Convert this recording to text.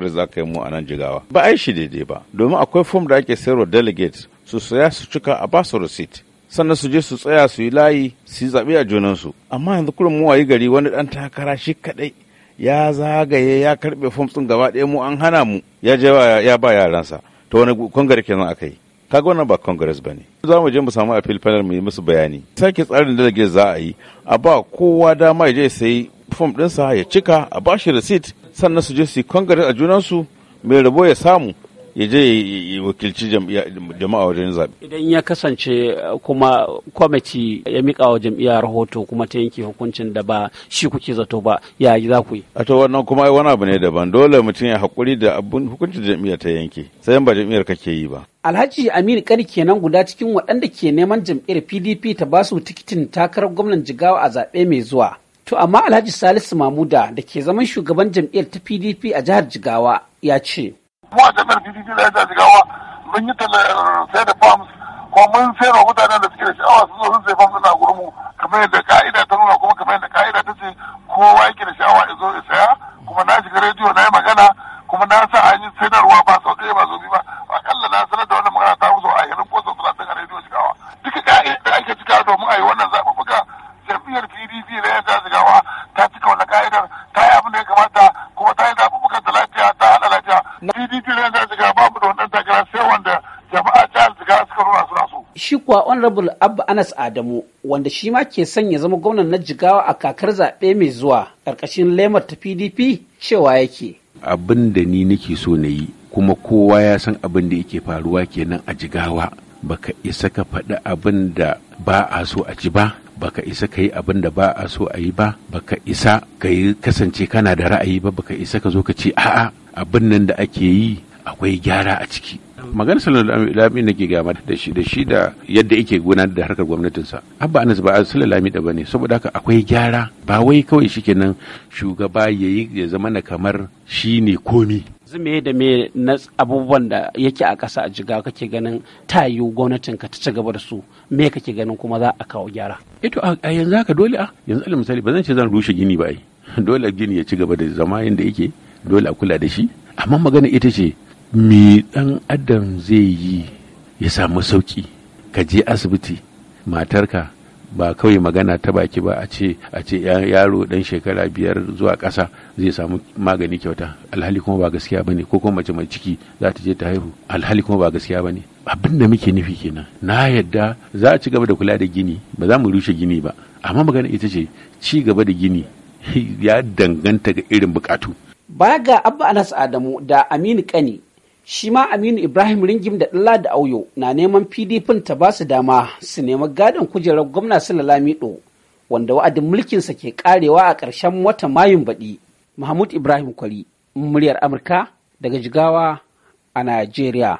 delivery za ka yi mu a nan jigawa ba a yi shi daidai ba domin akwai fom da ake sayarwa delegates su saya su cika a basu receipt sannan su je su tsaya su yi layi su yi zaɓe a junansu amma yanzu kurin mu wayi gari wani ɗan takara shi kaɗai ya zagaye ya karɓe fom ɗin gaba ɗaya mu an hana mu ya je ya ba yaransa ta wani kongare kenan aka yi kaga wannan ba congress ba ne za mu je mu samu appeal panel mu yi musu bayani sake tsarin delegates za a yi a ba kowa dama ya je sai fom ɗinsa ya cika a bashi receipt sannan su je su yi a junansu mai rabo ya samu ya je ya wakilci jama'a wajen zaɓe. Idan ya kasance eh, kuma kwamiti ya miƙa wa jam'iyya rahoto kuma ta yanke hukuncin da ba shi kuke zato ba ya yi za ku yi. A to wannan kuma wani abu ne daban dole mutum ya haƙuri da abun hukuncin jam'iyya ta yanke sai ba jam'iyyar kake yi ba. Alhaji Aminu Kani kenan guda cikin waɗanda ke neman jam'iyyar PDP ta basu tikitin takarar gwamnan Jigawa a zaɓe mai zuwa. To amma Alhaji Salisu Mamuda da ke zaman shugaban jam'iyyar ta PDP a jihar Jigawa ya ce. Mu a jami'ar PDP na jihar Jigawa mun yi eh, sai da farms ko mun sai da mutanen da suke da sha'awa su zo sun sai farms na gurmu kamar yadda ka'ida ta nuna kuma kamar yadda ka'ida ta ce kowa yake da sha'awa ya zo ya saya kuma na shiga rediyo na yi magana kuma na sa an yi sanarwa ba Niger ta yi abin da ya kamata kuma ta yi zaɓuɓɓukan da lafiya ta haɗa lafiya. PDP ne zai shiga ba mu da wannan takara sai wanda jama'a jihar shiga suka nuna suna so. Shi kuwa Honorable Abba Anas Adamu wanda shi ma ke sanya ya zama gwamnan na jigawa a kakar zaɓe mai zuwa ƙarƙashin lemar ta PDP cewa yake. Abin da ni nake so na yi kuma kowa ya san abin da yake faruwa kenan a jigawa baka isa ka faɗi abin da ba a so a ji ba baka isa ka yi abin da ba a so a yi ba baka isa ka yi kasance kana da ra'ayi ba baka isa ka zo ka ce a'a abin nan da ake yi akwai gyara a ciki magana sallallahu alaihi nake gama da shi da shi da yadda yake gudanar da harkar gwamnatinsa abba anas ba sallallahu Lami da bane saboda haka akwai gyara ba wai kawai shikenan shugaba ya yi ya zama na kamar shi ne komi zume da me na abubuwan da yake a ƙasa a jiga kake ganin ta yi gwamnatin ta ci gaba da su me kake ganin kuma za a kawo gyara ito a yanzu haka dole a yanzu alal misali ba zan ce zan rushe gini ba ai dole gini ya ci gaba da zama yadda yake dole a kula da shi amma magana ita ce me dan adam zai yi ya samu sauki ka je asibiti matarka ba kawai magana ta baki ba a ce a ce yaro dan shekara biyar zuwa kasa zai samu magani kyauta alhali kuma ba gaskiya bane ko kuma mace mai ciki za ta je ta haihu alhali kuma ba gaskiya bane abin da muke nufi kenan na yadda za a ci gaba da kula da gini ba za mu rushe gini ba amma magana ita ce ci gaba da gini ya danganta ga irin bukatu baya ga abba anas adamu da aminu kani shi ma aminu ibrahim ringim da dalla da auyo na neman pdp ta ba su dama su nema gadon kujerar gwamna su ɗo, wanda wa'adin mulkinsa ke karewa a ƙarshen watan mayun baɗi mahmud ibrahim kwari muryar amurka daga jigawa a najeriya